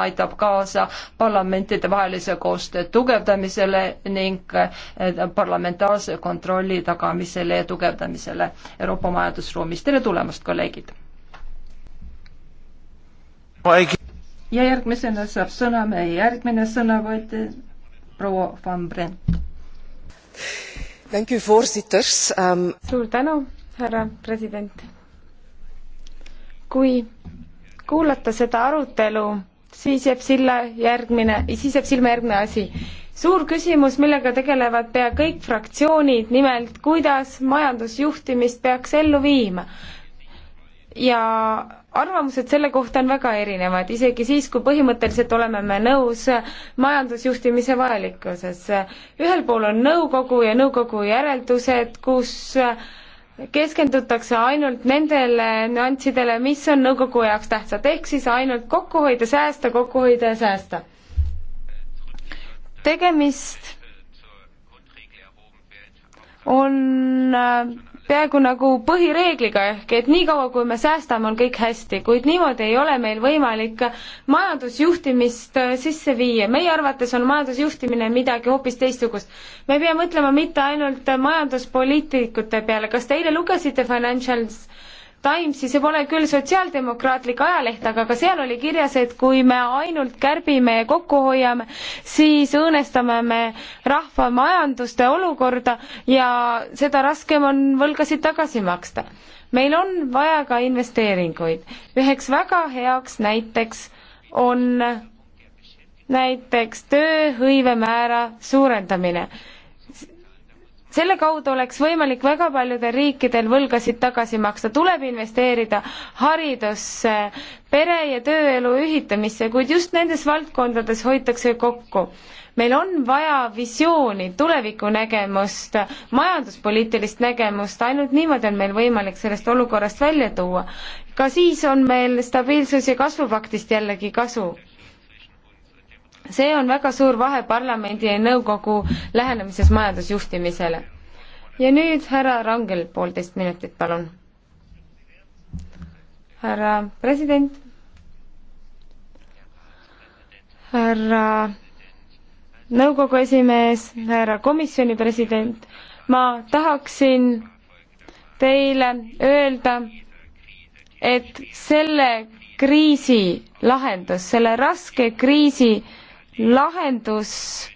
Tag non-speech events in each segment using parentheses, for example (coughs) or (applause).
aitab kaasa parlamentidevahelise koostöö tugevdamisele ning eh, parlamentaarse kontrolli tagamisele ja tugevdamisele Euroopa majandusruumis. tere tulemast, kolleegid! ja järgmisena saab sõna meie järgmine sõnavõtja, proua Van Brent. Um... suur tänu, härra president! kui kuulata seda arutelu, siis jääb silla järgmine, siis jääb silma järgmine asi. suur küsimus, millega tegelevad pea kõik fraktsioonid, nimelt kuidas majandusjuhtimist peaks ellu viima. ja arvamused selle kohta on väga erinevad, isegi siis, kui põhimõtteliselt oleme me nõus majandusjuhtimise vajalikkuses. ühel pool on nõukogu ja nõukogu järeldused, kus äh, keskendutakse ainult nendele nüanssidele, mis on nõukogu jaoks tähtsad, ehk siis ainult kokku hoida, säästa, kokku hoida ja säästa. tegemist on äh, peaaegu nagu põhireegliga, ehk et niikaua, kui me säästame, on kõik hästi, kuid niimoodi ei ole meil võimalik majandusjuhtimist äh, sisse viia. meie arvates on majandusjuhtimine midagi hoopis teistsugust. me ei pea mõtlema mitte ainult majanduspoliitikute peale, kas te eile lugesite Financials Timesi, see pole küll sotsiaaldemokraatlik ajaleht, aga ka seal oli kirjas, et kui me ainult kärbime ja kokku hoiame, siis õõnestame me rahva majanduste olukorda ja seda raskem on võlgasid tagasi maksta. meil on vaja ka investeeringuid. üheks väga heaks näiteks on näiteks tööhõive määra suurendamine selle kaudu oleks võimalik väga paljudel riikidel võlgasid tagasi maksta, tuleb investeerida haridusse, pere ja tööelu ühitamisse, kuid just nendes valdkondades hoitakse kokku. meil on vaja visiooni, tulevikunägemust, majanduspoliitilist nägemust, ainult niimoodi on meil võimalik sellest olukorrast välja tuua. ka siis on meil stabiilsus- ja kasvupaktist jällegi kasu see on väga suur vahe parlamendi ja nõukogu lähenemises majandusjuhtimisele. ja nüüd härra Rangel, poolteist minutit, palun. härra president. härra nõukogu esimees, härra komisjoni president, ma tahaksin teile öelda, et selle kriisi lahendus, selle raske kriisi lahendus,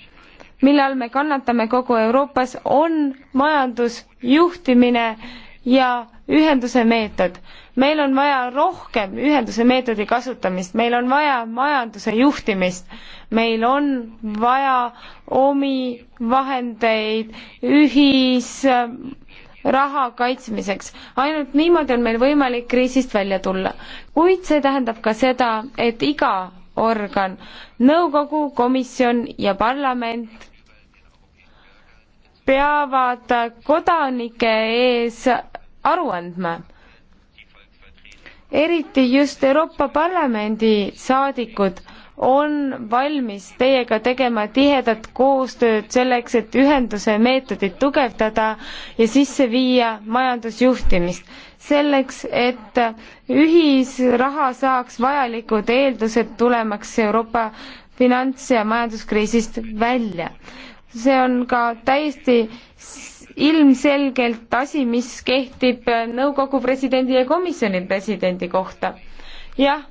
mille all me kannatame kogu Euroopas, on majandusjuhtimine ja ühenduse meetod. meil on vaja rohkem ühenduse meetodi kasutamist, meil on vaja majanduse juhtimist, meil on vaja omi vahendeid, ühisraha ähm, kaitsmiseks. ainult niimoodi on meil võimalik kriisist välja tulla. kuid see tähendab ka seda, et iga organ. nõukogu, komisjon ja parlament peavad kodanike ees aru andma. eriti just Euroopa Parlamendi saadikud on valmis teiega tegema tihedat koostööd selleks, et ühenduse meetodit tugevdada ja sisse viia majandusjuhtimist selleks, et ühisraha saaks vajalikud eeldused tulemaks Euroopa finants- ja majanduskriisist välja. see on ka täiesti ilmselgelt asi, mis kehtib nõukogu presidendi ja komisjoni presidendi kohta. jah,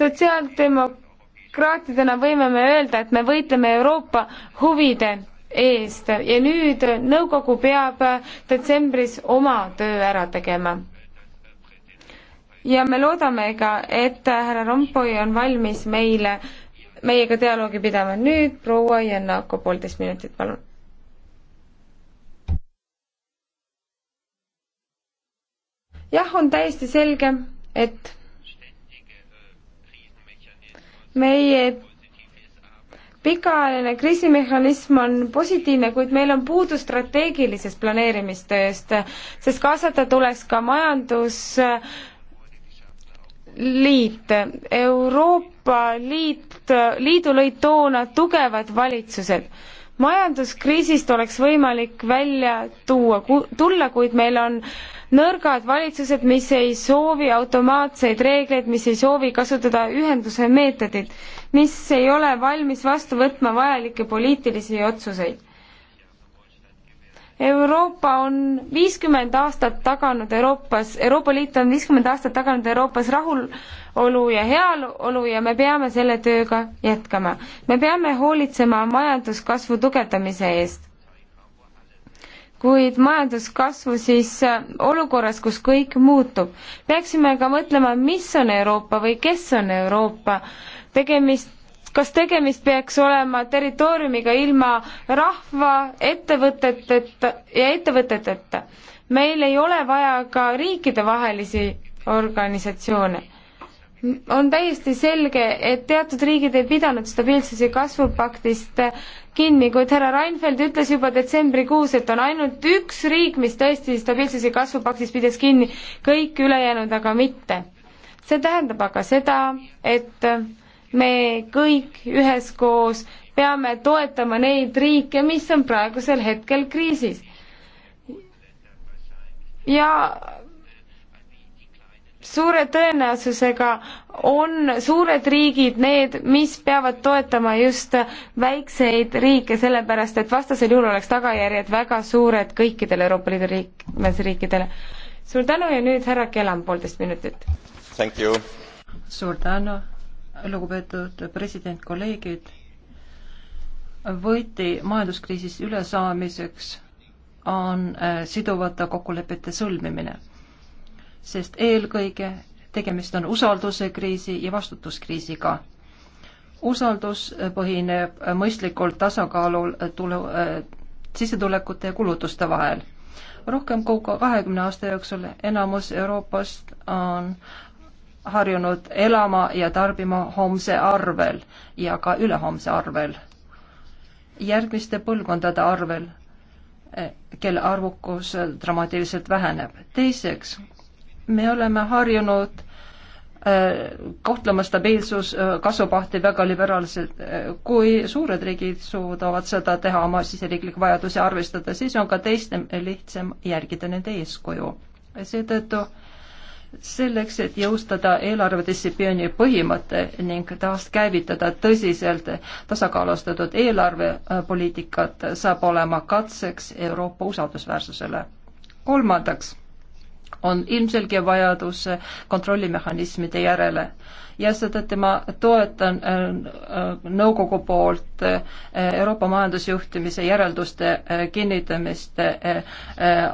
sotsiaaldemokraatidena võime me öelda, et me võitleme Euroopa huvide eest ja nüüd nõukogu peab detsembris oma töö ära tegema. ja me loodame ka, et härra Rompoi on valmis meile, meiega dialoogi pidama. nüüd proua Jannako, poolteist minutit, palun. jah, on täiesti selge, et meie pikaajaline kriisimehhanism on positiivne, kuid meil on puudu strateegilisest planeerimistööst, sest kaasata tuleks ka majandusliit. Euroopa Liit, liidu lõid toona tugevad valitsused majanduskriisist oleks võimalik välja tuua ku,, tulla, kuid meil on nõrgad valitsused, mis ei soovi automaatseid reegleid, mis ei soovi kasutada ühenduse meetodit mis ei ole valmis vastu võtma vajalikke poliitilisi otsuseid. Euroopa on viiskümmend aastat taganud Euroopas, Euroopa Liit on viiskümmend aastat taganud Euroopas rahulolu ja heaolu ja me peame selle tööga jätkama. me peame hoolitsema majanduskasvu tugevdamise eest kuid majanduskasvu siis olukorras, kus kõik muutub. peaksime ka mõtlema, mis on Euroopa või kes on Euroopa tegemist, kas tegemist peaks olema territooriumiga ilma rahva, ettevõteteta ja ettevõteteta? meil ei ole vaja ka riikidevahelisi organisatsioone. on täiesti selge, et teatud riigid ei pidanud stabiilsuse kasvupaktist kinni, kuid härra Reinfeldt ütles juba detsembrikuus, et on ainult üks riik, mis tõesti stabiilsuse kasvupaktist pidas kinni, kõik ülejäänud aga mitte. see tähendab aga seda, et me kõik üheskoos peame toetama neid riike, mis on praegusel hetkel kriisis. ja suure tõenäosusega on suured riigid need, mis peavad toetama just väikseid riike, sellepärast et vastasel juhul oleks tagajärjed väga suured kõikidele Euroopa Liidu liikmesriikidele. suur tänu ja nüüd härra Kelam, poolteist minutit. suur tänu lugupeetud president, kolleegid, võeti majanduskriisist ülesaamiseks on äh, siduvate kokkulepete sõlmimine, sest eelkõige tegemist on usaldusekriisi ja vastutuskriisiga. usaldus põhineb mõistlikul tasakaalul tule, äh, sissetulekute ja kulutuste vahel rohkem kui kahekümne aasta jooksul enamus Euroopast on harjunud elama ja tarbima homse arvel ja ka ülehomse arvel, järgmiste põlvkondade arvel, eh, kelle arvukus eh, dramaatiliselt väheneb. teiseks, me oleme harjunud eh, kohtlema stabiilsus kasvupahti väga liberaalselt. kui suured riigid suudavad seda teha oma siseriiklikke vajadusi arvestada, siis on ka teistel lihtsam järgida nende eeskuju. seetõttu äh, selleks, et jõustada eelarvedistsipliini põhimõte ning taaskäivitada tõsiselt tasakaalustatud eelarvepoliitikat, saab olema katseks Euroopa usaldusväärsusele. kolmandaks on ilmselge vajadus kontrollimehhanismide järele ja seetõttu ma toetan äh, äh, nõukogu poolt äh, Euroopa majandusjuhtimise järelduste kinnitamist,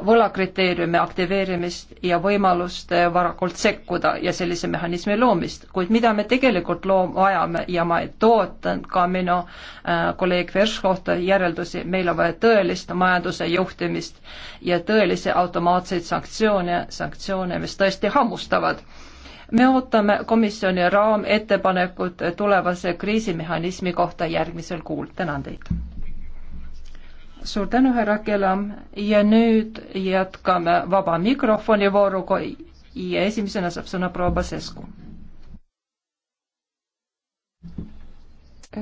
võlakriteeriumi aktiveerimist ja võimalust varakult sekkuda ja sellise mehhanismi loomist, kuid mida me tegelikult loom-, vajame ja ma toetan ka minu kolleeg Verškohta järeldusi, meil on vaja tõelist majanduse juhtimist ja tõelisi automaatseid sanktsioone, sanktsioone, mis tõesti hammustavad me ootame komisjoni raamettepanekut tulevase kriisimehhanismi kohta järgmisel kuul. tänan teid. suur tänu, härra Kelam ja nüüd jätkame vaba mikrofoni vooruga ja esimesena saab sõna proua Basescu.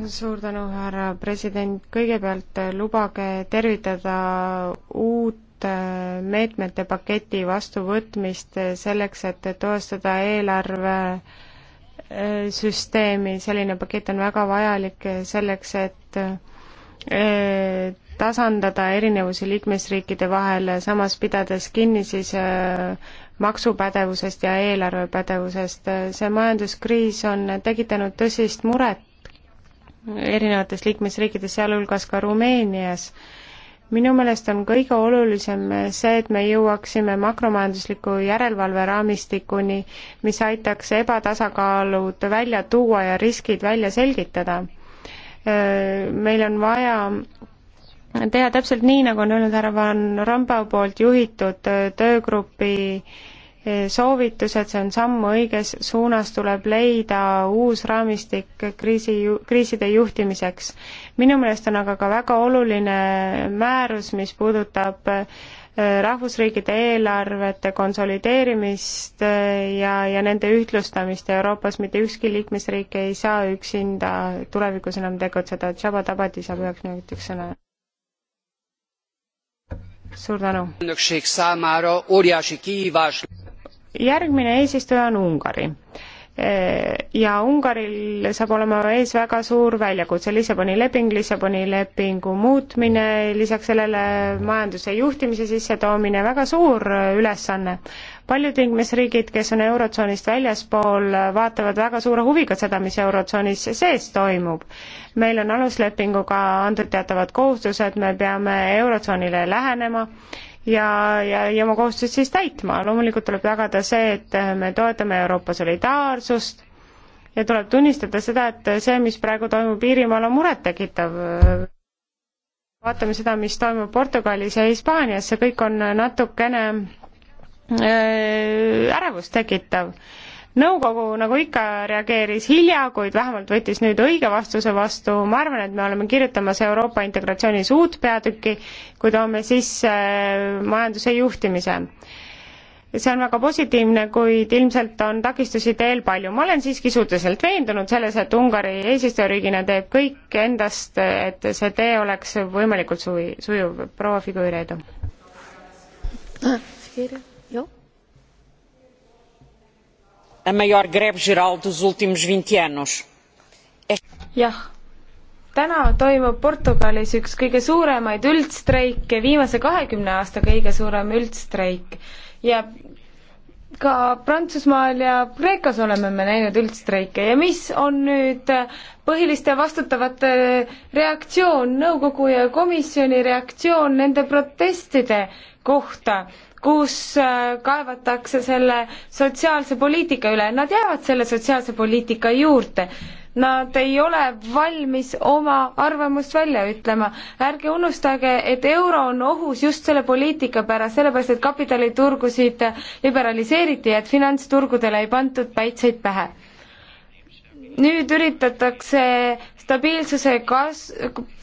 suur tänu, härra president, kõigepealt lubage tervitada uut uut äh, meetmete paketi vastuvõtmist selleks, et toestada eelarve äh, süsteemi, selline pakett on väga vajalik selleks, et äh, tasandada erinevusi liikmesriikide vahel, samas pidades kinni siis maksupädevusest ja eelarvepädevusest. see majanduskriis on tekitanud tõsist muret erinevates liikmesriikides, sealhulgas ka Rumeenias minu meelest on kõige olulisem see, et me jõuaksime makromajandusliku järelevalve raamistikuni, mis aitaks ebatasakaalud välja tuua ja riskid välja selgitada. meil on vaja teha täpselt nii, nagu on öelnud härra Van Rompuy poolt juhitud töögrupi äh, soovitused, see on samm õiges suunas, tuleb leida uus raamistik kriisi, kriiside juhtimiseks. minu meelest on aga ka väga oluline määrus, mis puudutab äh, rahvusriikide eelarvete konsolideerimist äh, ja, ja nende ühtlustamist Euroopas, mitte ükski liikmesriik ei saa üksinda tulevikus enam tegutseda, et Shaba Tabati saab üheks minutiks sõna suur tänu! ügynökség számára óriási kihívás järgmine eesistuja on Ungari e, ja Ungaril saab olema ees väga suur väljakutse, Lissaboni leping, Lissaboni lepingu muutmine, lisaks sellele majanduse juhtimise sissetoomine, väga suur ülesanne. paljud liikmesriigid, kes on Eurotsoonist väljaspool, vaatavad väga suure huviga seda, mis Eurotsoonis sees toimub. meil on aluslepinguga antud teatavad kohustused, me peame Eurotsoonile lähenema ja, ja, ja oma kohustust siis täitma. loomulikult tuleb tagada see, et me toetame Euroopa solidaarsust ja tuleb tunnistada seda, et see, mis praegu toimub Iirimaal, on murettekitav. vaatame seda, mis toimub Portugalis ja Hispaanias, see kõik on natukene äh, ärevust tekitav nõukogu, nagu ikka, reageeris hilja, kuid vähemalt võttis nüüd õige vastuse vastu, ma arvan, et me oleme kirjutamas Euroopa integratsioonis uut peatükki, kui toome sisse äh, majanduse juhtimise see on väga positiivne, kuid ilmselt on takistusi teel palju. ma olen siiski suhteliselt veendunud selles, et Ungari eesistujariigina teeb kõik endast, et see tee oleks võimalikult suvi, sujuv. proua Figueiredo. a maior greve geral dos últimos 20 anos. jah, täna toimub Portugalis üks kõige suuremaid üldstreike, viimase kahekümne aasta kõige suurem üldstreik ja ka Prantsusmaal ja Kreekas oleme me näinud üldstreike ja mis on nüüd põhiliste vastutavate reaktsioon, nõukogu ja komisjoni reaktsioon nende protestide kohta, kus äh, kaevatakse selle sotsiaalse poliitika üle, nad jäävad selle sotsiaalse poliitika juurde. Nad ei ole valmis oma arvamust välja ütlema. ärge unustage, et euro on ohus just selle poliitika pärast, sellepärast et kapitaliturgusid liberaliseeriti ja et finantsturgudele ei pandud päitseid pähe nüüd üritatakse stabiilsuse kas-,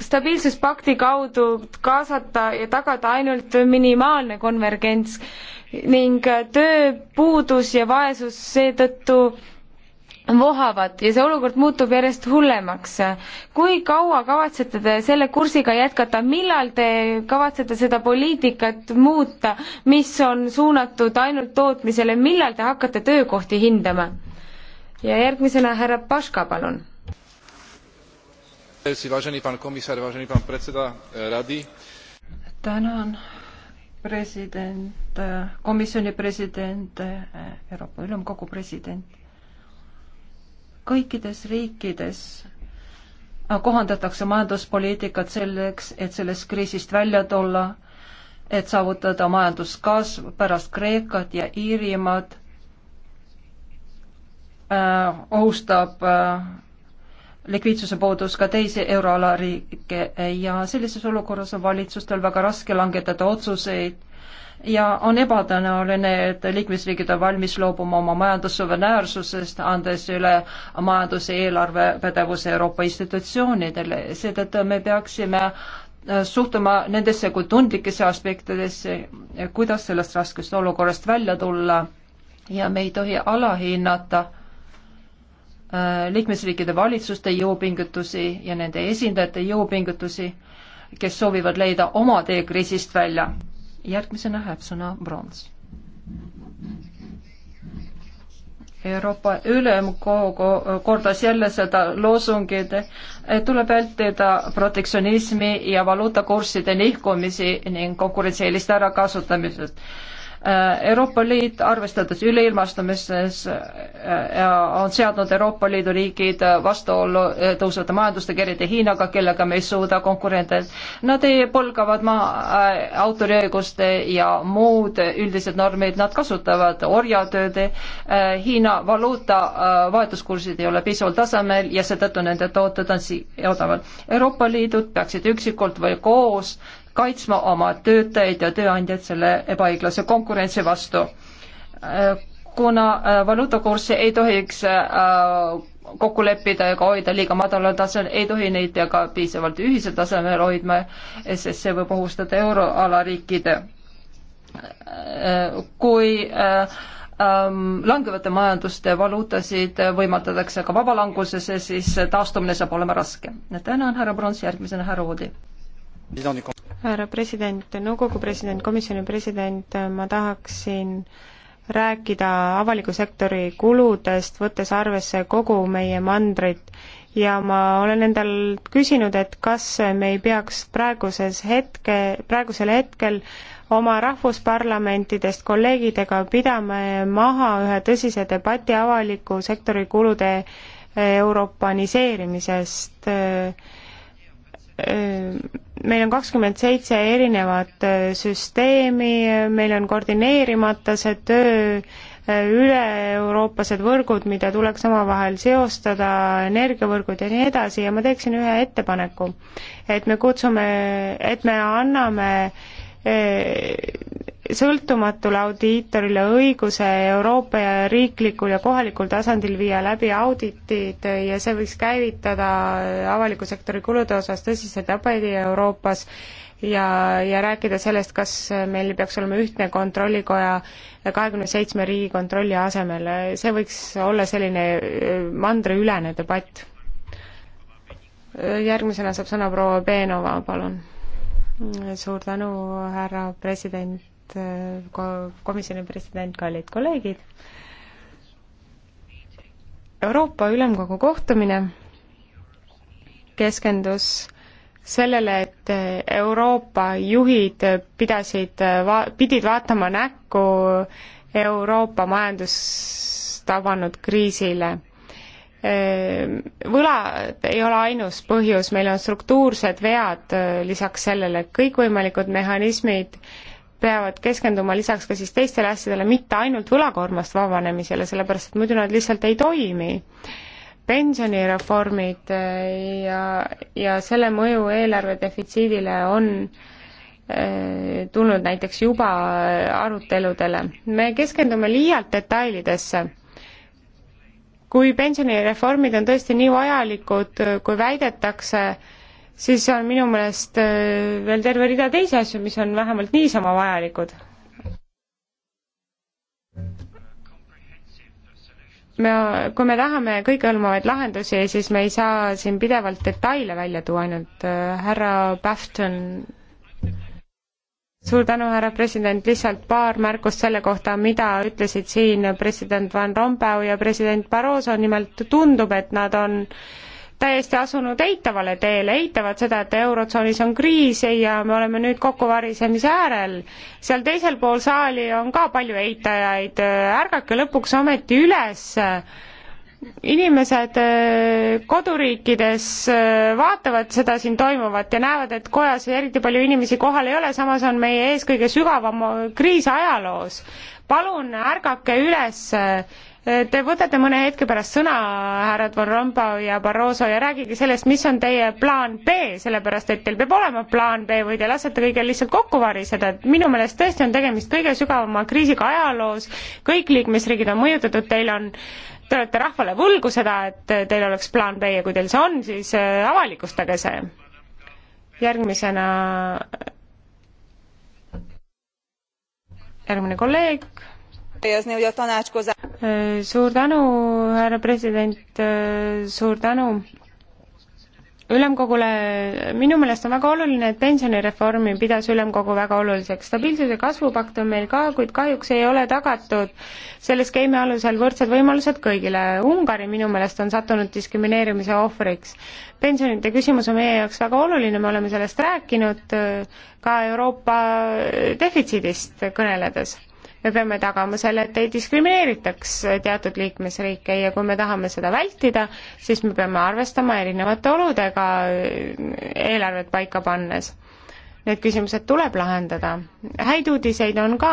stabiilsuspakti kaudu kaasata ja tagada ainult minimaalne konvergents ning tööpuudus ja vaesus seetõttu vohavad ja see olukord muutub järjest hullemaks. kui kaua kavatsete te selle kursiga jätkata, millal te kavatsete seda poliitikat muuta, mis on suunatud ainult tootmisele, millal te hakkate töökohti hindama? ja järgmisena härra Paška, palun. Eh, tänan, president, eh, komisjoni president, eh, Euroopa Ülemkogu president. kõikides riikides kohandatakse majanduspoliitikat selleks, et sellest kriisist välja tulla, et saavutada majanduskasv pärast Kreekat ja Iirimaad Äh, ohustab äh, likviidsuse puudus ka teisi euroala riike ja sellises olukorras on valitsustel väga raske langetada otsuseid ja on ebatõenäoline, et liikmesriigid on valmis loobuma oma majandussuveräänsusest, andes üle majanduse eelarvepädevuse Euroopa institutsioonidele, seetõttu me peaksime äh, suhtuma nendesse kui tundlikesse aspektidesse, kuidas sellest raskest olukorrast välja tulla ja me ei tohi alahinnata äh, Äh, liikmesriikide valitsuste jõupingutusi ja nende esindajate jõupingutusi, kes soovivad leida oma tee kriisist välja. järgmisena läheb sõna Brons. Euroopa Ülemkogu kordas jälle seda loosungit, et tuleb vältida protektsionismi ja valuutakursside nihkumisi ning konkurentsieeliste ärakasutamisest Äh, Euroopa Liit, arvestades üleilmastumises, äh, on seadnud Euroopa Liidu riigid äh, vastuollu tõusvate majandustega, eriti Hiinaga, kellega me ei suuda konkureerida. Nad ei polgavad maa autoriõiguste ja muud üldised normid, nad kasutavad orjatööd. Hiina valuuta vahetuskursid ei ole piisaval tasemel ja seetõttu nende tooted on odavad. Euroopa Liidud peaksid üksikult või koos kaitsma oma töötajaid ja tööandjaid selle ebaõiglase konkurentsi vastu. kuna äh, valuutakurssi ei tohiks äh, kokku leppida ega hoida liiga madalal tasemel, ei tohi neid ka piisavalt ühisel tasemel hoidma, sest see võib ohustada euroala riikide. Äh, kui äh, ähm, langevate majanduste valuutasid võimaldatakse ka vabalangusesse, siis taastumine saab olema raske. tänan, härra Prons, järgmisena härra Oodi härra president, nõukogu president, komisjoni president, ma tahaksin rääkida avaliku sektori kuludest, võttes arvesse kogu meie mandrit ja ma olen endalt küsinud, et kas me ei peaks praeguses hetke, praegusel hetkel oma rahvusparlamentidest kolleegidega pidama maha ühe tõsise debati avaliku sektori kulude europaniseerimisest äh, meil on kakskümmend seitse erinevat süsteemi, meil on koordineerimata see töö, üle-euroopased võrgud, mida tuleks omavahel seostada, energiavõrgud ja nii edasi ja ma teeksin ühe ettepaneku, et me kutsume, et me anname sõltumatule audiitorile õiguse Euroopa ja riiklikul ja kohalikul tasandil viia läbi auditid ja see võiks käivitada avaliku sektori kulude osas tõsiseid abeid Euroopas ja, ja rääkida sellest, kas meil peaks olema ühtne kontrollikoja kahekümne seitsme riigi kontrolli asemel, see võiks olla selline äh, mandriülene debatt. järgmisena saab sõna proua Beenova, palun. suur tänu, härra president Äh, komisjoni president, kallid kolleegid. Euroopa Ülemkogu kohtumine keskendus sellele, et Euroopa juhid pidasid va-, pidid vaatama näkku Euroopa majandust tabanud kriisile. Võlad ei ole ainus põhjus, meil on struktuursed vead lisaks sellele, kõikvõimalikud mehhanismid, peavad keskenduma lisaks ka siis teistele asjadele, mitte ainult võlakoormast vabanemisele, sellepärast et muidu nad lihtsalt ei toimi. pensionireformid eh, ja, ja selle mõju eelarve defitsiidile on eh, tulnud näiteks juba aruteludele. me keskendume liialt detailidesse. kui pensionireformid on tõesti nii vajalikud, kui väidetakse, siis on minu meelest äh, veel terve rida teisi asju, mis on vähemalt niisama vajalikud. me, kui me tahame kõikehõlmavaid lahendusi, siis me ei saa siin pidevalt detaile välja tuua, ainult äh, härra Päfton suur tänu, härra president, lihtsalt paar märkust selle kohta, mida ütlesid siin president Van Rompuy ja president Barroso, nimelt tundub, et nad on äh, täiesti asunud eitavale teele, eitavad seda, et Eurotsoonis on kriis ja me oleme nüüd kokkuvarisemise äärel. seal teisel pool saali on ka palju eitajaid, ärgake lõpuks ometi üles, inimesed eh, koduriikides eh, vaatavad seda siin toimuvat ja näevad, et kojas eriti palju inimesi kohal ei ole, samas on meie ees kõige sügavam kriis ajaloos. palun ärgake üles Te võtate mõne hetke pärast sõna, härrad Van Rompuy ja Barroso, ja rääkige sellest, mis on teie plaan B, sellepärast et teil peab olema plaan B või te lasete kõigil lihtsalt kokku variseda, et minu meelest tõesti on tegemist kõige sügavama kriisiga ajaloos, kõik liikmesriigid on mõjutatud, teil on Te olete rahvale võlgu seda, et teil oleks plaan B ja kui teil see on, siis äh, avalikustage see. järgmisena äh, järgmine kolleeg suur tänu, härra president, suur tänu ülemkogule, minu meelest on väga oluline, et pensionireformi pidas ülemkogu väga oluliseks. stabiilsuse kasvupakt on meil ka, kuid kahjuks ei ole tagatud selle skeemi alusel võrdsed võimalused kõigile. Ungari minu meelest on sattunud diskrimineerimise ohvriks. pensionite küsimus on meie jaoks väga oluline, me oleme sellest rääkinud ka Euroopa defitsiidist kõneledes me peame tagama selle, et ei diskrimineeritaks teatud liikmesriike ja kui me tahame seda vältida, siis me peame arvestama erinevate oludega eh, eelarvet paika pannes. Need küsimused tuleb lahendada. häid uudiseid on ka,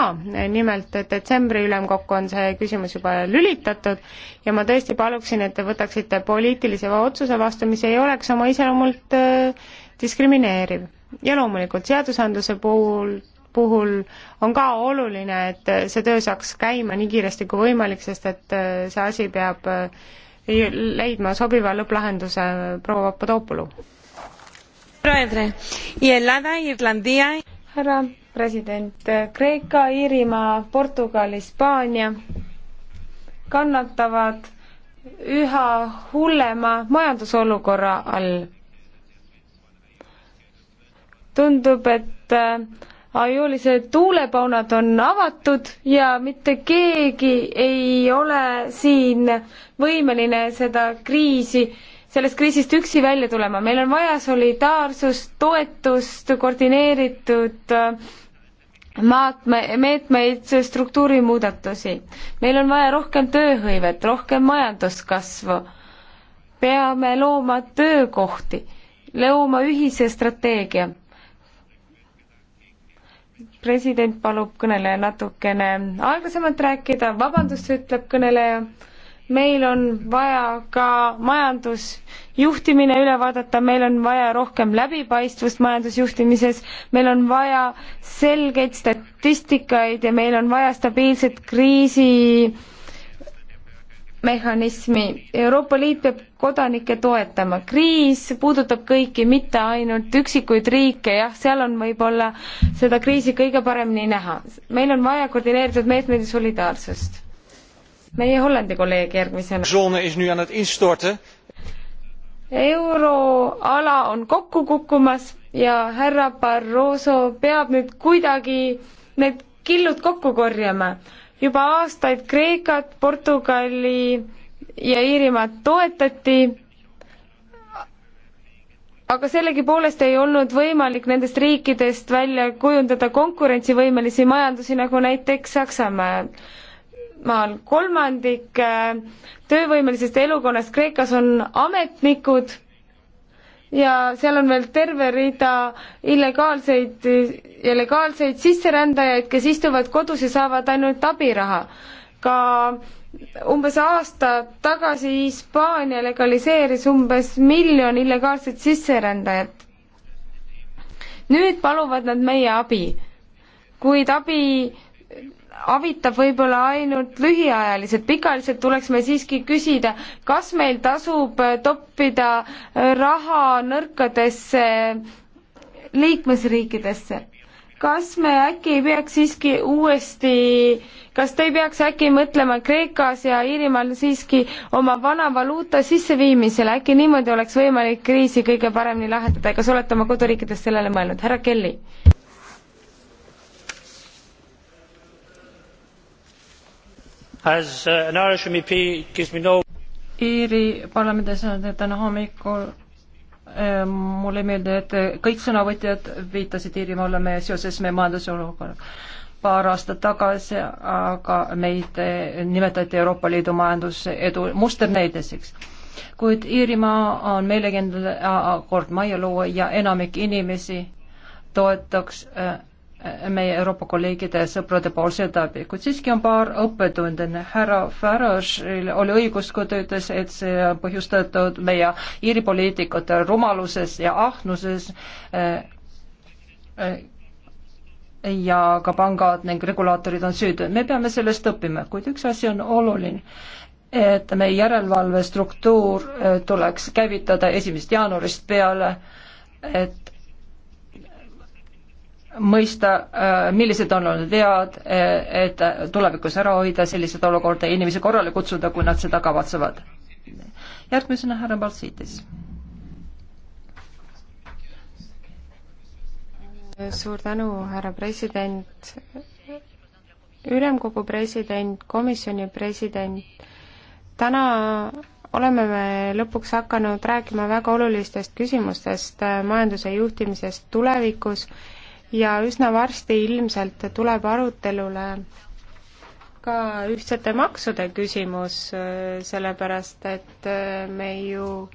nimelt detsembri ülemkokku on see küsimus juba lülitatud ja ma tõesti paluksin, et te võtaksite poliitilise otsuse vastu, mis ei oleks oma iseloomult eh, diskrimineeriv ja loomulikult seadusandluse puhul puhul on ka oluline, et see töö saaks käima nii kiiresti kui võimalik, sest et äh, see asi peab äh, leidma sobiva lõpplahenduse proua Papadopoulou. härra president, Kreeka, Iirimaa, Portugal, Hispaania kannatavad üha hullema majandusolukorra all. tundub, et äh, ajulised tuulepaunad on avatud ja mitte keegi ei ole siin võimeline seda kriisi, sellest kriisist üksi välja tulema. meil on vaja solidaarsust, toetust, koordineeritud äh, maatme, meetmeid, struktuurimuudatusi. meil on vaja rohkem tööhõivet, rohkem majanduskasvu. peame looma töökohti, looma ühise strateegia president palub kõneleja natukene aeglasemalt rääkida, vabandust, ütleb kõneleja. meil on vaja ka majandusjuhtimine üle vaadata, meil on vaja rohkem läbipaistvust majandusjuhtimises, meil on vaja selgeid statistikaid ja meil on vaja stabiilset kriisi äh, mehhanismi. Euroopa Liit peab kodanikke toetama. kriis puudutab kõiki, mitte ainult üksikuid riike, jah, seal on võib-olla seda kriisi kõige paremini näha. meil on vaja koordineeritud meetmeid ja solidaarsust. meie Hollandi kolleeg järgmisena. euroala on kokku kukkumas ja härra Barroso peab nüüd kuidagi need killud kokku korjama juba aastaid Kreekat, Portugali ja Iirimaad toetati, aga sellegipoolest ei olnud võimalik nendest riikidest välja kujundada konkurentsivõimelisi majandusi, nagu näiteks Saksamaal. maal kolmandik äh, töövõimelisest elukonnast Kreekas on ametnikud ja seal on veel terve rida illegaalseid ja legaalseid sisserändajaid, kes istuvad kodus ja saavad ainult abiraha. ka umbes aasta tagasi Hispaania legaliseeris umbes miljon illegaalset sisserändajat. nüüd paluvad nad meie abi, kuid abi avitab võib-olla ainult lühiajaliselt, pikaajaliselt tuleks meil siiski küsida, kas meil tasub äh, toppida äh, raha nõrkadesse äh, liikmesriikidesse. kas me äkki ei peaks siiski uuesti, kas te ei peaks äkki mõtlema Kreekas ja Iirimaal siiski oma vana valuuta sisseviimisele, äkki niimoodi oleks võimalik kriisi kõige paremini lahendada, kas olete oma koduriikides sellele mõelnud, härra Kelly? Uh, iiri parlamendis on täna hommikul äh, mulle ei meeldi, et kõik sõnavõtjad viitasid Iirimaale meie seoses meie majandusolukorraga paar aastat tagasi, aga meid nimetati Euroopa Liidu majandusedu musternäideseks. kuid Iirimaa on meelekindel äh, kord majja luua ja enamik inimesi toetaks äh, meie Euroopa kolleegide ja sõprade poolset abi, kuid siiski on paar õppetunde. härra Farage'il oli õigus, kui ta ütles, et see on põhjustatud meie Iiri poliitikute rumaluses ja ahnuses eh, eh, ja ka pangad ning regulaatorid on süüdi. me peame sellest õppima, kuid üks asi on oluline et meie järelevalvestruktuur eh, tuleks käivitada esimesest jaanuarist peale, et mõista, äh, millised on olnud vead, äh, et tulevikus ära hoida selliseid olukorda ja inimesi korrale kutsuda, kui nad seda kavatsevad. järgmisena härra Baltsiitis. suur tänu, härra president, ülemkogu president, komisjoni president, täna oleme me lõpuks hakanud rääkima väga olulistest küsimustest, äh, majanduse juhtimisest tulevikus ja üsna varsti ilmselt tuleb arutelule ka ühtsete maksude küsimus, äh, sellepärast et äh, me ju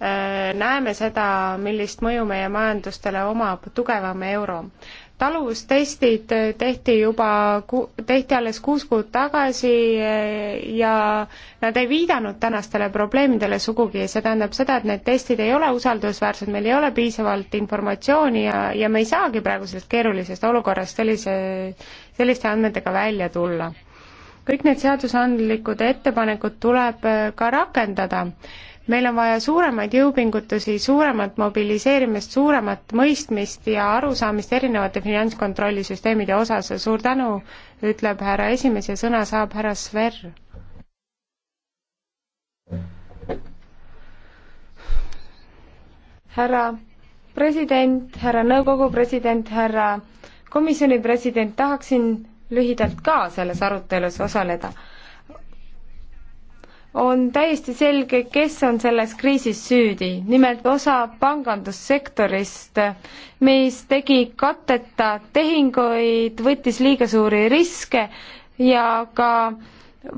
äh, näeme seda, millist mõju meie majandustele omab tugevam euro talustestid tehti juba, tehti alles kuus kuud tagasi eh, ja nad ei viidanud tänastele probleemidele sugugi ja see tähendab seda, et need testid ei ole usaldusväärsed, meil ei ole piisavalt informatsiooni ja, ja me ei saagi praegu sellest keerulisest olukorrast sellise, selliste andmetega välja tulla. kõik need seadusandlikud ettepanekud tuleb eh, ka rakendada meil on vaja suuremaid jõupingutusi, suuremat mobiliseerimist, suuremat mõistmist ja arusaamist erinevate finantskontrollisüsteemide osas. suur tänu, ütleb härra esimees ja sõna saab härra Sver. härra president, härra nõukogu president, härra komisjoni president, tahaksin lühidalt ka selles arutelus osaleda on täiesti selge, kes on selles kriisis süüdi. nimelt osa pangandussektorist, mis tegi katteta tehinguid, võttis liiga suuri riske ja ka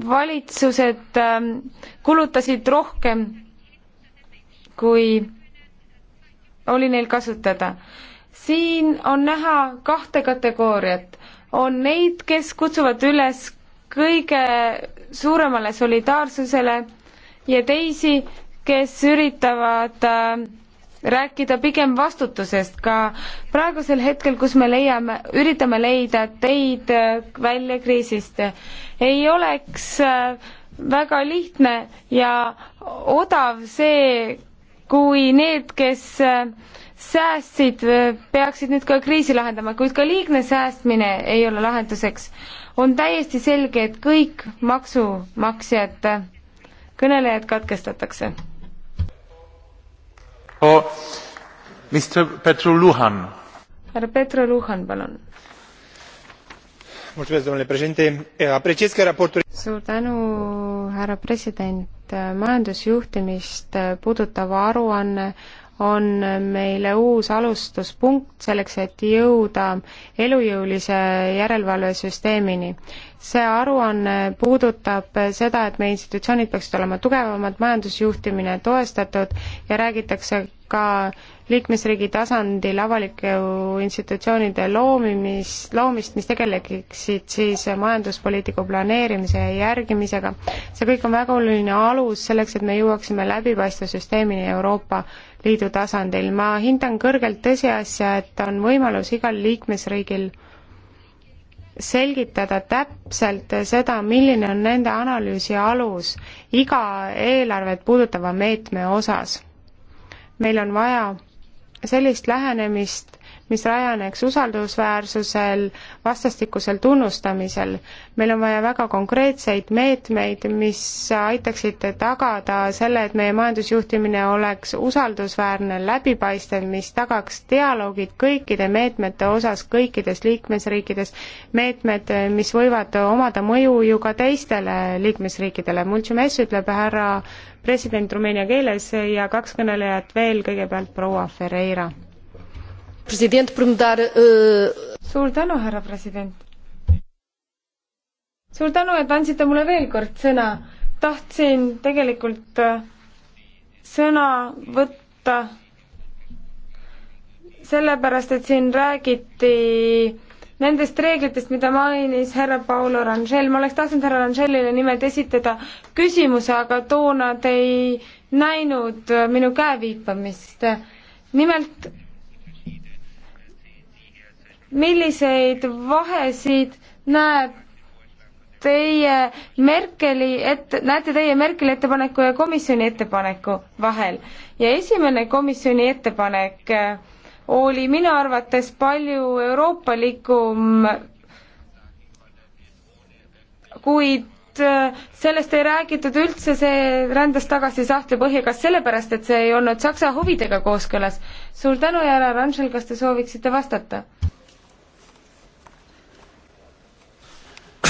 valitsused ähm, kulutasid rohkem, kui oli neil kasutada. siin on näha kahte kategooriat. on neid, kes kutsuvad üles kõige suuremale solidaarsusele ja teisi, kes üritavad äh, rääkida pigem vastutusest ka praegusel hetkel, kus me leiame, üritame leida teid äh, välja kriisist, ei oleks äh, väga lihtne ja odav see, kui need, kes äh, säästsid, peaksid nüüd ka kriisi lahendama, kuid ka liigne säästmine ei ole lahenduseks on täiesti selge, et kõik maksumaksjad, kõnelejad katkestatakse. Oh, härra Petro Luhan, palun. apreciez că raportul suur tänu, härra president, majandusjuhtimist puudutav aruanne on on meile uus alustuspunkt selleks, et jõuda elujõulise järelevalvesüsteemini. see aruanne puudutab seda, et meie institutsioonid peaksid olema tugevamad, majandusjuhtimine toestatud ja räägitakse ka liikmesriigi tasandil avalike institutsioonide loomimist, loomist, mis tegeleksid siis majanduspoliitika planeerimise ja järgimisega. see kõik on väga oluline alus selleks, et me jõuaksime läbipaistva süsteemini Euroopa Liidu tasandil. ma hindan kõrgelt tõsiasja, et on võimalus igal liikmesriigil selgitada täpselt seda, milline on nende analüüsi alus iga eelarvet puudutava meetme osas meil on vaja sellist lähenemist, mis rajaneks usaldusväärsusel, vastastikusel tunnustamisel. meil on vaja väga konkreetseid meetmeid, mis aitaksid tagada selle, et meie majandusjuhtimine oleks usaldusväärne, läbipaistev, mis tagaks dialoogid kõikide meetmete osas kõikides liikmesriikides, meetmed, mis võivad omada mõju ju ka teistele liikmesriikidele. Mulțumesc, ütleb härra president rumeenia keeles ja kaks kõnelejat veel, kõigepealt proua Ferreira president, por me dar uh.... Eh, suur tänu, härra president. suur tänu, et andsite mulle veel kord sõna. tahtsin tegelikult eh, sõna võtta sellepärast, et siin räägiti nendest reeglitest, mida mainis härra Paulo Rangel, ma oleks tahtnud härra Rangelile nimelt esitada küsimuse, aga toona te ei näinud minu käe viipamist. nimelt milliseid vahesid näeb teie Merkeli ette, näete teie Merkeli ettepaneku ja komisjoni ettepaneku vahel. ja esimene komisjoni ettepanek äh, oli minu arvates palju euroopalikum, kuid äh, sellest ei räägitud üldse, see rändas tagasi sahtlipõhja, kas sellepärast, et see ei olnud Saksa huvidega kooskõlas? suur tänu, Jana Ranšel, kas te sooviksite vastata?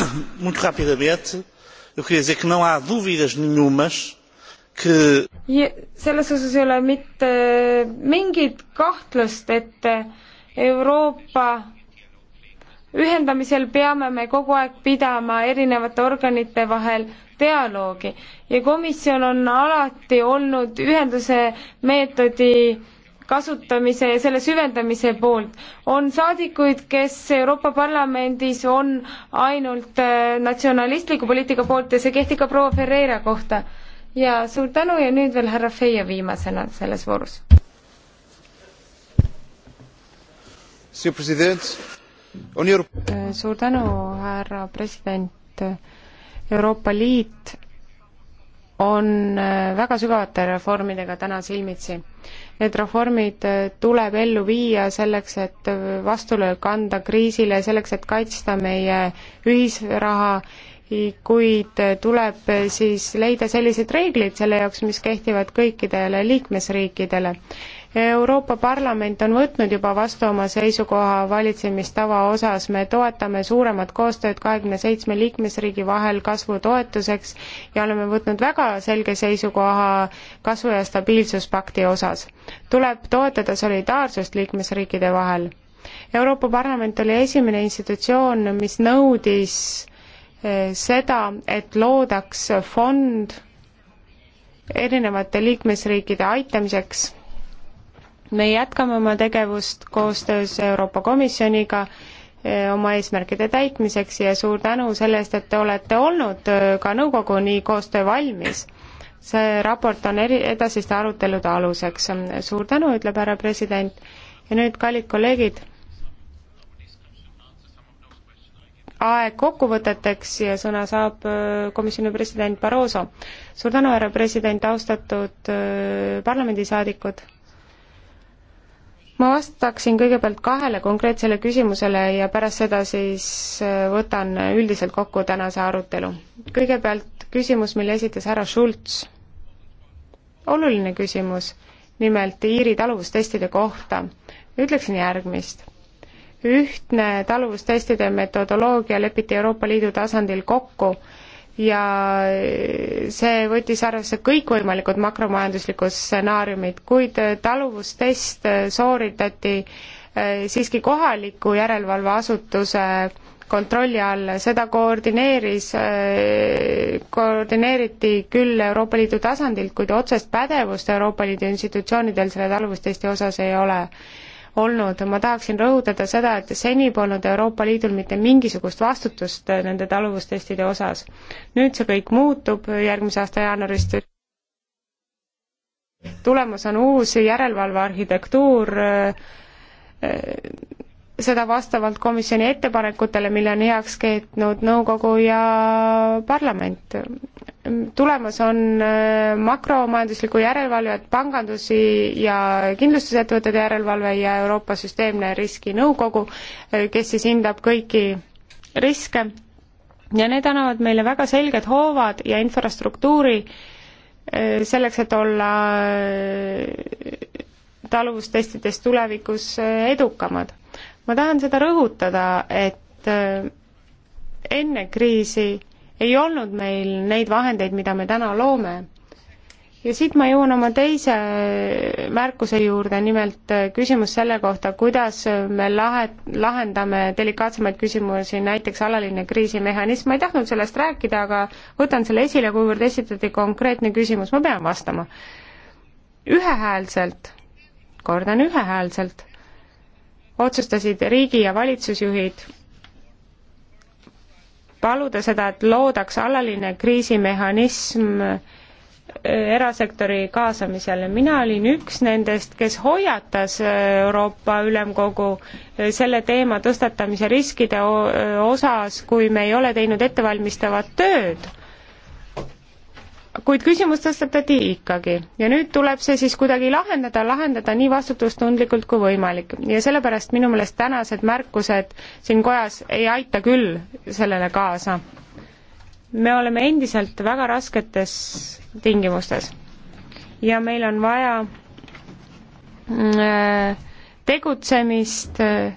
(coughs) muito rapidamente, eu queria dizer que não há dúvidas nenhumas que ja, selles osas ei ole mitte äh, mingit kahtlust, et äh, Euroopa ühendamisel peame me kogu aeg pidama erinevate organite vahel dialoogi ja komisjon on alati olnud ühenduse meetodi kasutamise ja selle süvendamise poolt. on saadikuid, kes Euroopa Parlamendis on ainult äh, natsionalistliku poliitika poolt ja see kehtib ka proua Ferreira kohta. ja suur tänu ja nüüd veel härra Feia viimasena selles voorus. Äh, suur tänu, härra president. Euroopa Liit on äh, väga sügavate reformidega täna silmitsi need reformid äh, tuleb ellu viia selleks, et äh, vastulöök anda kriisile, selleks, et kaitsta meie ühisraha, kuid äh, tuleb siis leida sellised reeglid selle jaoks, mis kehtivad kõikidele liikmesriikidele Euroopa Parlament on võtnud juba vastu oma seisukoha valitsemistava osas, me toetame suuremat koostööd kahekümne seitsme liikmesriigi vahel kasvu toetuseks ja oleme võtnud väga selge seisukoha kasvu- ja stabiilsuspakti osas. tuleb toetada solidaarsust liikmesriikide vahel. Euroopa Parlament oli esimene institutsioon, mis nõudis eh, seda, et loodaks fond erinevate liikmesriikide aitamiseks me jätkame oma tegevust koostöös Euroopa Komisjoniga eh, oma eesmärkide täitmiseks ja suur tänu selle eest, et te olete olnud eh, ka nõukoguni koostöö valmis. see raport on eri, edasiste arutelude aluseks. suur tänu, ütleb härra president. ja nüüd, kallid kolleegid, aeg kokkuvõteteks ja sõna saab eh, komisjoni president Barroso. suur tänu, härra president, austatud parlamendisaadikud ma vastaksin kõigepealt kahele konkreetsele küsimusele ja pärast seda siis äh, võtan üldiselt kokku tänase arutelu. kõigepealt küsimus, mille esitas härra Schultz. oluline küsimus, nimelt Iiri taluvustestide kohta. ütleksin järgmist. ühtne taluvustestide metodoloogia lepiti Euroopa Liidu tasandil kokku ja see võttis arvesse kõikvõimalikud makromajanduslikud stsenaariumid, kuid taluvustest sooritati eh, siiski kohaliku järelevalveasutuse kontrolli all, seda koordineeris, eh, koordineeriti küll Euroopa Liidu tasandilt, kuid otsest pädevust Euroopa Liidu institutsioonidel selle taluvustesti osas ei ole olnud. ma tahaksin rõhutada seda, et seni polnud Euroopa Liidul mitte mingisugust vastutust äh, nende taluvustestide osas. nüüd see kõik muutub järgmise aasta jaanuarist. tulemas on uus järelevalvearhitektuur, äh, äh, seda vastavalt komisjoni ettepanekutele, mille on heaks keetnud nõukogu ja parlament. tulemas on äh, makromajandusliku järelevalve, et pangandusi ja kindlustusettevõtete järelevalve ja Euroopa Süsteemne Riskinõukogu, äh, kes siis hindab kõiki riske ja need annavad meile väga selged hoovad ja infrastruktuuri äh, selleks, et olla taluvustestides tulevikus edukamad ma tahan seda rõhutada, et äh, enne kriisi ei olnud meil neid vahendeid, mida me täna loome. ja siit ma jõuan oma teise märkuse juurde, nimelt äh, küsimus selle kohta, kuidas me lahe, lahendame delikaatsemaid küsimusi, näiteks alaline kriisimehhanism, ma ei tahtnud sellest rääkida, aga võtan selle esile, kuivõrd esitati konkreetne küsimus, ma pean vastama. ühehäälselt, kordan ühehäälselt otsustasid riigi- ja valitsusjuhid paluda seda, et loodaks alaline kriisimehhanism äh, erasektori kaasamisele. mina olin üks nendest, kes hoiatas äh, Euroopa Ülemkogu äh, selle teema tõstatamise riskide osas, kui me ei ole teinud ettevalmistavat tööd kuid küsimus tõstatati ikkagi ja nüüd tuleb see siis kuidagi lahendada, lahendada nii vastutustundlikult kui võimalik ja sellepärast minu meelest tänased märkused siin kojas ei aita küll sellele kaasa. me oleme endiselt väga rasketes tingimustes ja meil on vaja mm, äh, tegutsemist äh,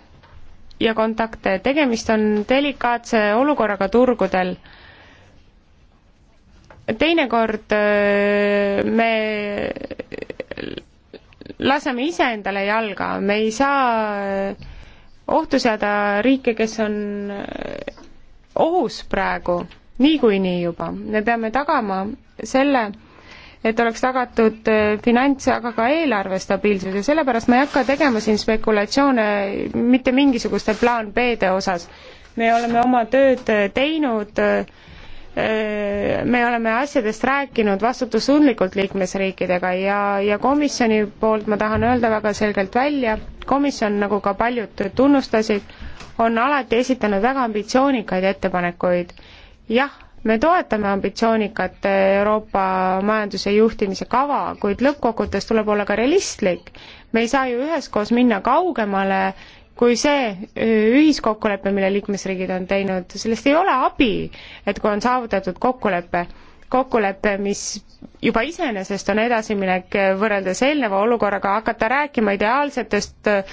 ja kontakte, tegemist on delikaatse olukorraga turgudel teinekord äh, me laseme iseendale jalga, me ei saa äh, ohtu seada riike, kes on äh, ohus praegu niikuinii juba. me peame tagama selle, et oleks tagatud finants, aga ka eelarve stabiilsus ja sellepärast ma ei hakka tegema siin spekulatsioone mitte mingisuguste plaan B-de osas. me oleme oma tööd teinud äh, me oleme asjadest rääkinud vastutustundlikult liikmesriikidega ja, ja komisjoni poolt ma tahan öelda väga selgelt välja, komisjon, nagu ka paljud tunnustasid, on alati esitanud väga ambitsioonikaid ettepanekuid. jah, me toetame ambitsioonikat Euroopa majanduse juhtimise kava, kuid lõppkokkuvõttes tuleb olla ka realistlik. me ei saa ju üheskoos minna kaugemale kui see ühiskokkulepe, mille liikmesriigid on teinud, sellest ei ole abi, et kui on saavutatud kokkulepe, kokkulepe, mis juba iseenesest on edasiminek võrreldes eelneva olukorraga, hakata rääkima ideaalsetest öö,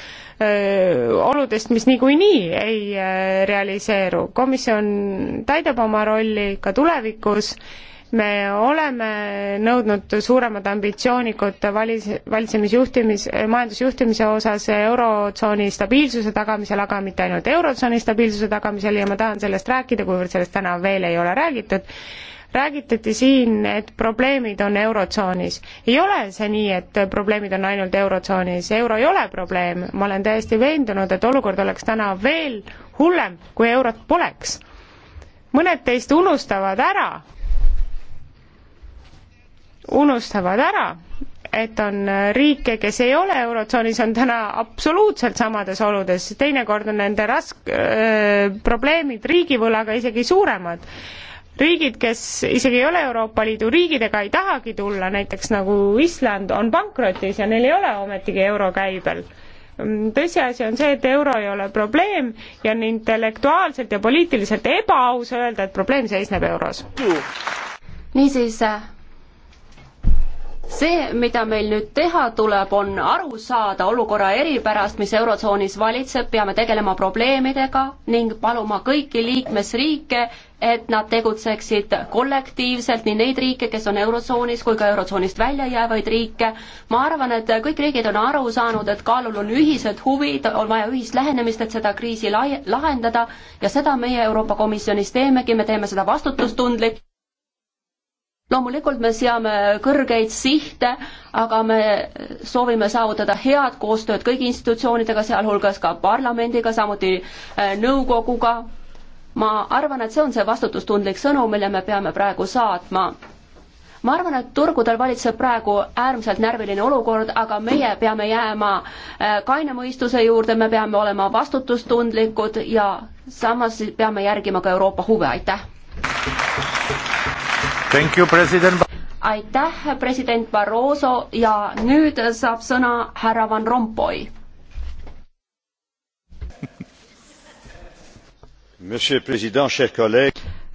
oludest, mis niikuinii ei öö, realiseeru. komisjon täidab oma rolli ka tulevikus me oleme nõudnud suuremat ambitsioonikut valis, valitsemisjuhtimis, majandusjuhtimise osas Eurotsooni stabiilsuse tagamisel, aga mitte ainult Eurotsooni stabiilsuse tagamisel ja ma tahan sellest rääkida, kuivõrd sellest täna veel ei ole räägitud, räägitati siin, et probleemid on Eurotsoonis. ei ole see nii, et probleemid on ainult Eurotsoonis, euro ei ole probleem, ma olen täiesti veendunud, et olukord oleks täna veel hullem, kui eurot poleks. mõned teist unustavad ära, unustavad ära, et on riike, kes ei ole Eurotsoonis, on täna absoluutselt samades oludes, teinekord on nende rask- äh,, probleemid riigivõlaga isegi suuremad. riigid, kes isegi ei ole Euroopa Liidu riigid ega ei tahagi tulla, näiteks nagu Island, on pankrotis ja neil ei ole ometigi euro käibel tõsiasi on see, et euro ei ole probleem ja on intellektuaalselt ja poliitiliselt ebaaus öelda, et probleem seisneb euros. niisiis, see, mida meil nüüd teha tuleb, on aru saada olukorra eripärast, mis Eurotsoonis valitseb, peame tegelema probleemidega ning paluma kõiki liikmesriike, et nad tegutseksid kollektiivselt, nii neid riike, kes on Eurotsoonis, kui ka Eurotsoonist välja jäävaid riike. ma arvan, et kõik riigid on aru saanud, et kaalul on ühised huvid, on vaja ühist lähenemist, et seda kriisi lahendada ja seda meie Euroopa Komisjonis teemegi, me teeme seda vastutustundlikult loomulikult me seame kõrgeid sihte, aga me soovime saavutada head koostööd kõigi institutsioonidega, sealhulgas ka parlamendiga, samuti äh, nõukoguga. ma arvan, et see on see vastutustundlik sõnum, mille me peame praegu saatma ma arvan, et turgudel valitseb praegu äärmiselt närviline olukord, aga meie peame jääma äh, kaine mõistuse juurde, me peame olema vastutustundlikud ja samas peame järgima ka Euroopa huve, aitäh! aitäh, president Barroso ja nüüd saab sõna härra Van Rompuy.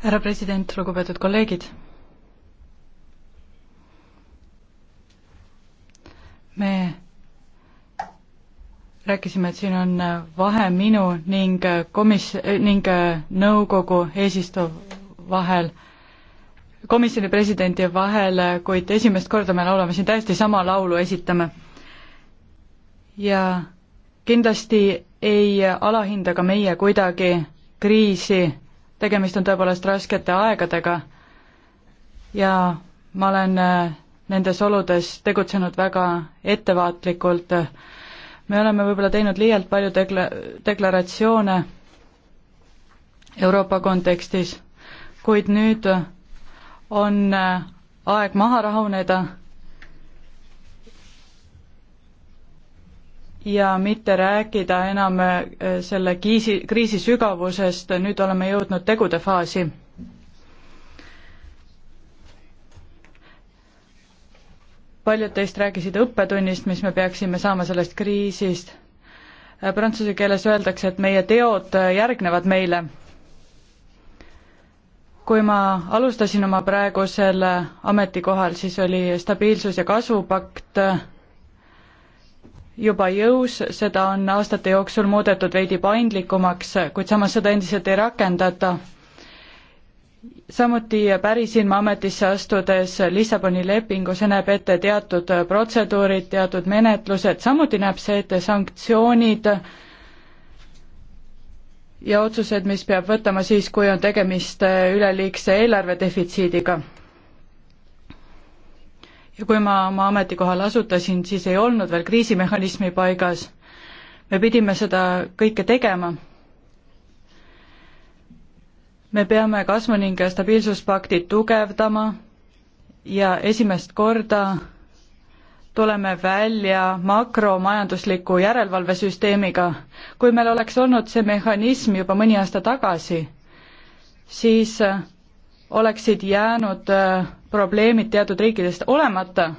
härra president, lugupeetud kolleegid. me rääkisime, et siin on vahe minu ning komis-, ning nõukogu eesistuv vahel komisjoni presidendi vahel, kuid esimest korda me laulame siin täiesti sama laulu, esitame. ja kindlasti ei alahinda ka meie kuidagi kriisi, tegemist on tõepoolest raskete aegadega ja ma olen äh, nendes oludes tegutsenud väga ettevaatlikult. me oleme võib-olla teinud liialt palju dekla-, deklaratsioone Euroopa kontekstis, kuid nüüd on äh, aeg maha rahuneda ja mitte rääkida enam äh, selle kiisi, kriisi sügavusest, nüüd oleme jõudnud tegude faasi. paljud teist rääkisid õppetunnist, mis me peaksime saama sellest kriisist. Äh, prantsuse keeles öeldakse, et meie teod järgnevad meile kui ma alustasin oma praegusel ametikohal, siis oli stabiilsus- ja kasvupakt juba jõus, seda on aastate jooksul muudetud veidi paindlikumaks, kuid samas seda endiselt ei rakendata. samuti pärisin ma ametisse astudes Lissaboni lepingu, see näeb ette teatud protseduurid, teatud menetlused, samuti näeb see ette sanktsioonid, ja otsused, mis peab võtama siis, kui on tegemist äh, üleliigse eelarvedefitsiidiga. ja kui ma oma ametikohale asutasin, siis ei olnud veel kriisimehhanismi paigas. me pidime seda kõike tegema. me peame kasvu ning stabiilsuspakti tugevdama ja esimest korda tuleme välja makromajandusliku järelevalvesüsteemiga. kui meil oleks olnud see mehhanism juba mõni aasta tagasi, siis äh, oleksid jäänud äh, probleemid teatud riikidest olemata.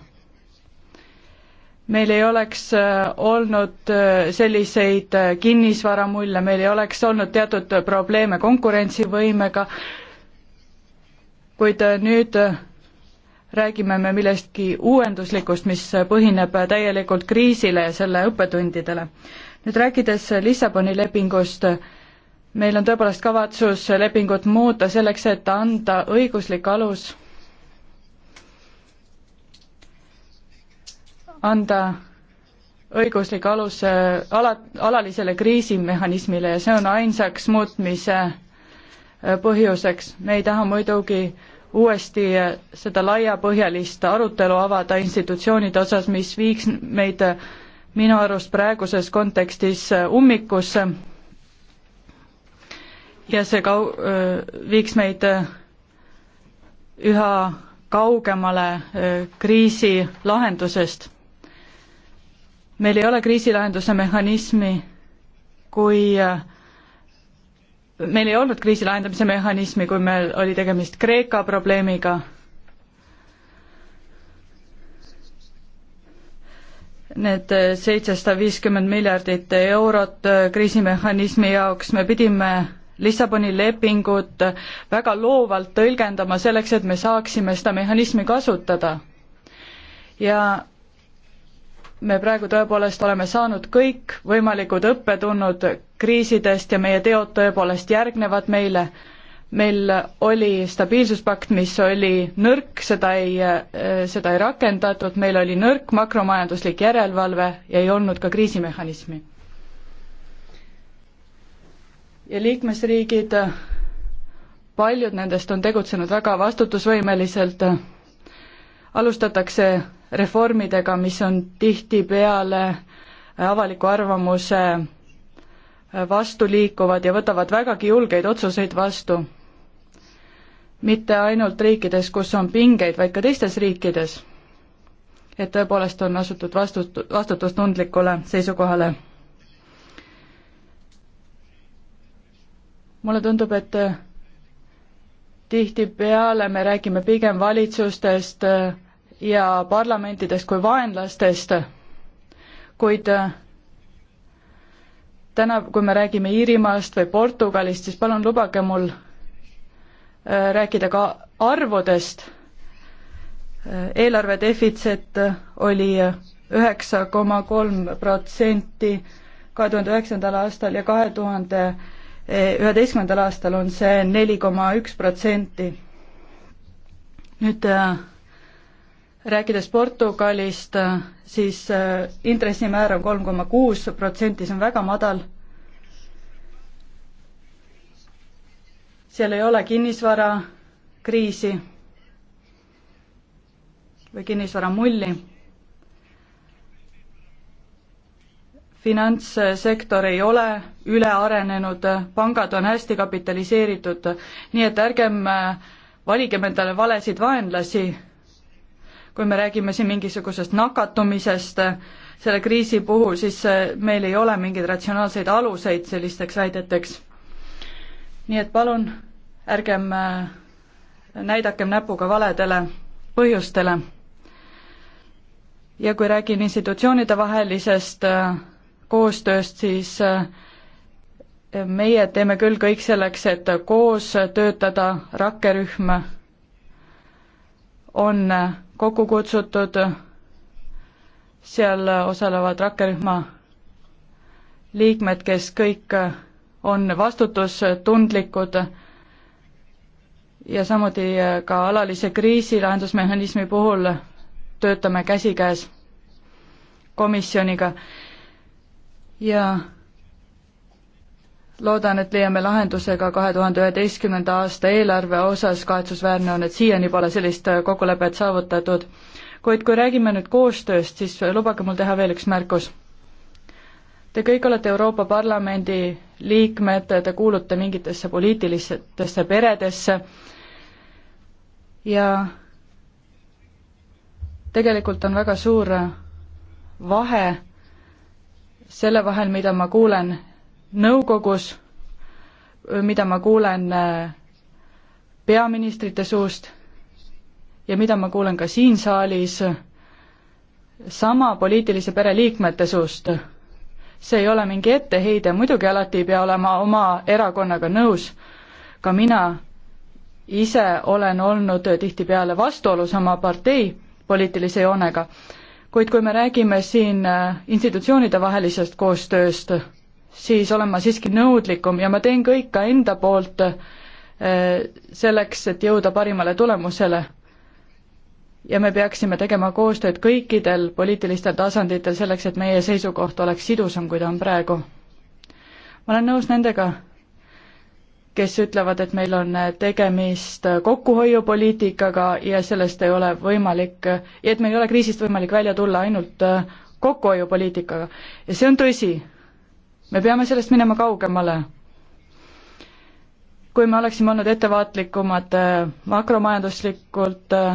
meil ei oleks äh, olnud selliseid kinnisvaramulle, meil ei oleks olnud teatud probleeme konkurentsivõimega, kuid nüüd räägime me millestki uuenduslikust, mis põhineb täielikult kriisile ja selle õppetundidele. nüüd rääkides Lissaboni lepingust, meil on tõepoolest kavatsus lepingut muuta selleks, et anda õiguslik alus, anda õiguslik alus äh, ala, alalisele kriisimehhanismile ja see on ainsaks muutmise äh, põhjuseks. me ei taha muidugi äh, uuesti seda laiapõhjalist arutelu avada institutsioonide osas, mis viiks meid minu arust praeguses kontekstis ummikusse ja see kau-, viiks meid üha kaugemale äh, kriisi lahendusest. meil ei ole kriisilahenduse mehhanismi, kui äh, meil ei olnud kriisi lahendamise mehhanismi, kui meil oli tegemist Kreeka probleemiga. Need seitsesada viiskümmend miljardit eurot kriisimehhanismi jaoks me pidime Lissaboni lepingut väga loovalt tõlgendama selleks, et me saaksime seda mehhanismi kasutada. ja me praegu tõepoolest oleme saanud kõik võimalikud õppetunnud kriisidest ja meie teod tõepoolest järgnevad meile. meil oli stabiilsuspakt, mis oli nõrk, seda ei, äh, seda ei rakendatud, meil oli nõrk makromajanduslik järelevalve ja ei olnud ka kriisimehhanismi. ja liikmesriigid, paljud nendest on tegutsenud väga vastutusvõimeliselt, alustatakse reformidega, mis on tihtipeale avaliku arvamuse vastu liikuvad ja võtavad vägagi julgeid otsuseid vastu. mitte ainult riikides, kus on pingeid, vaid ka teistes riikides. et tõepoolest on asutud vastut-, vastutustundlikule seisukohale. mulle tundub, et tihtipeale me räägime pigem valitsustest ja parlamentidest kui vaenlastest, kuid täna, kui me räägime Iirimaast või Portugalist, siis palun lubage mul äh, rääkida ka arvudest. Äh, eelarve defitsiit oli üheksa koma kolm protsenti kahe tuhande üheksandal aastal ja kahe tuhande äh, üheteistkümnendal aastal on see neli koma üks protsenti. nüüd rääkides Portugalist siis äh, intressimäär on kolm koma kuus protsenti, see on väga madal. seal ei ole kinnisvarakriisi või kinnisvaramulli. finantssektor ei ole üle arenenud, pangad on hästi kapitaliseeritud, nii et ärgem äh, valigem endale valesid vaenlasi kui me räägime siin mingisugusest nakatumisest selle kriisi puhul, siis äh, meil ei ole mingeid ratsionaalseid aluseid sellisteks väideteks. nii et palun ärgem äh, näidakem näpuga valedele põhjustele. ja kui räägin institutsioonide vahelisest äh, koostööst, siis meie teeme küll kõik selleks, et koos töötada, rakkerühm on kokku kutsutud, seal osalevad rakkerühma liikmed, kes kõik on vastutustundlikud ja samuti ka alalise kriisilahendusmehhanismi puhul töötame käsikäes komisjoniga ja loodan, et leiame lahenduse ka kahe tuhande üheteistkümnenda aasta eelarve osas, kahetsusväärne on, et siiani pole sellist äh, kokkulepet saavutatud. kuid kui räägime nüüd koostööst, siis lubage mul teha veel üks märkus. Te kõik olete Euroopa Parlamendi liikmed, te kuulute mingitesse poliitilistesse peredesse ja tegelikult on väga suur äh, vahe selle vahel, mida ma kuulen nõukogus, mida ma kuulen äh, peaministrite suust ja mida ma kuulen ka siin saalis sama poliitilise pere liikmete suust. see ei ole mingi etteheide, muidugi alati ei pea olema oma erakonnaga nõus, ka mina ise olen olnud tihtipeale vastuolus oma partei poliitilise joonega, kuid kui me räägime siin äh, institutsioonide vahelisest koostööst, siis olen ma siiski nõudlikum ja ma teen kõik ka enda poolt eh, selleks, et jõuda parimale tulemusele. ja me peaksime tegema koostööd kõikidel poliitilistel tasanditel selleks, et meie seisukoht oleks sidusam, kui ta on praegu. ma olen nõus nendega, kes ütlevad, et meil on tegemist kokkuhoiupoliitikaga ja sellest ei ole võimalik, et meil ei ole kriisist võimalik välja tulla ainult kokkuhoiupoliitikaga ja see on tõsi me peame sellest minema kaugemale. kui me oleksime olnud ettevaatlikumad äh, makromajanduslikult äh,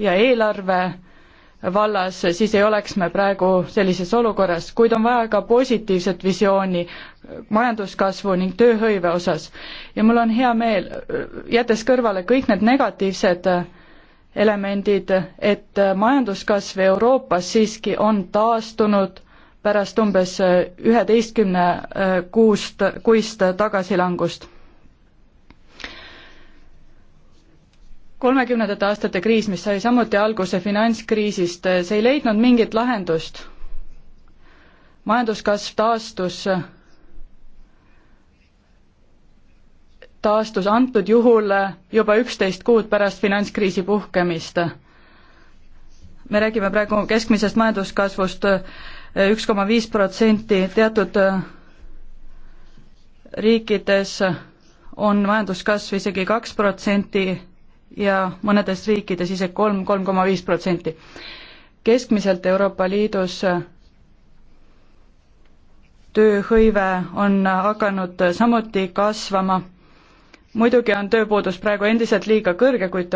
ja eelarve vallas, siis ei oleks me praegu sellises olukorras, kuid on vaja ka positiivset visiooni majanduskasvu ning tööhõive osas. ja mul on hea meel, äh, jättes kõrvale kõik need negatiivsed elemendid, et majanduskasv Euroopas siiski on taastunud pärast umbes äh, üheteistkümne äh, kuust, kuist tagasilangust. kolmekümnendate aastate kriis, mis sai samuti alguse finantskriisist, äh, see ei leidnud mingit lahendust. majanduskasv taastus, taastus antud juhul juba üksteist kuud pärast finantskriisi puhkemist. me räägime praegu keskmisest majanduskasvust üks koma viis protsenti, teatud äh, riikides on majanduskasv isegi kaks protsenti ja mõnedes riikides isegi kolm, kolm koma viis protsenti. keskmiselt Euroopa Liidus äh, tööhõive on hakanud äh, samuti kasvama. muidugi on tööpuudus praegu endiselt liiga kõrge, kuid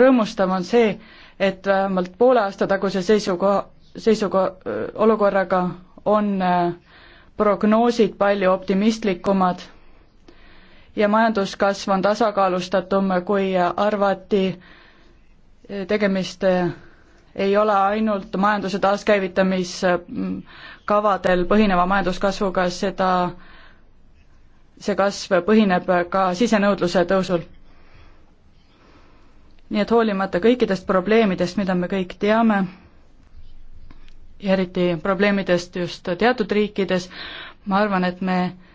rõõmustav on see, et vähemalt poole aasta taguse seisukoha, seisuko-, olukorraga on äh, prognoosid palju optimistlikumad ja majanduskasv on tasakaalustatum, kui arvati, äh, tegemist äh, ei ole ainult majanduse taaskäivitamiskavadel põhineva majanduskasvuga, seda, see kasv põhineb ka sisenõudluse tõusul. nii et hoolimata kõikidest probleemidest, mida me kõik teame, ja eriti probleemidest just teatud riikides, ma arvan, et me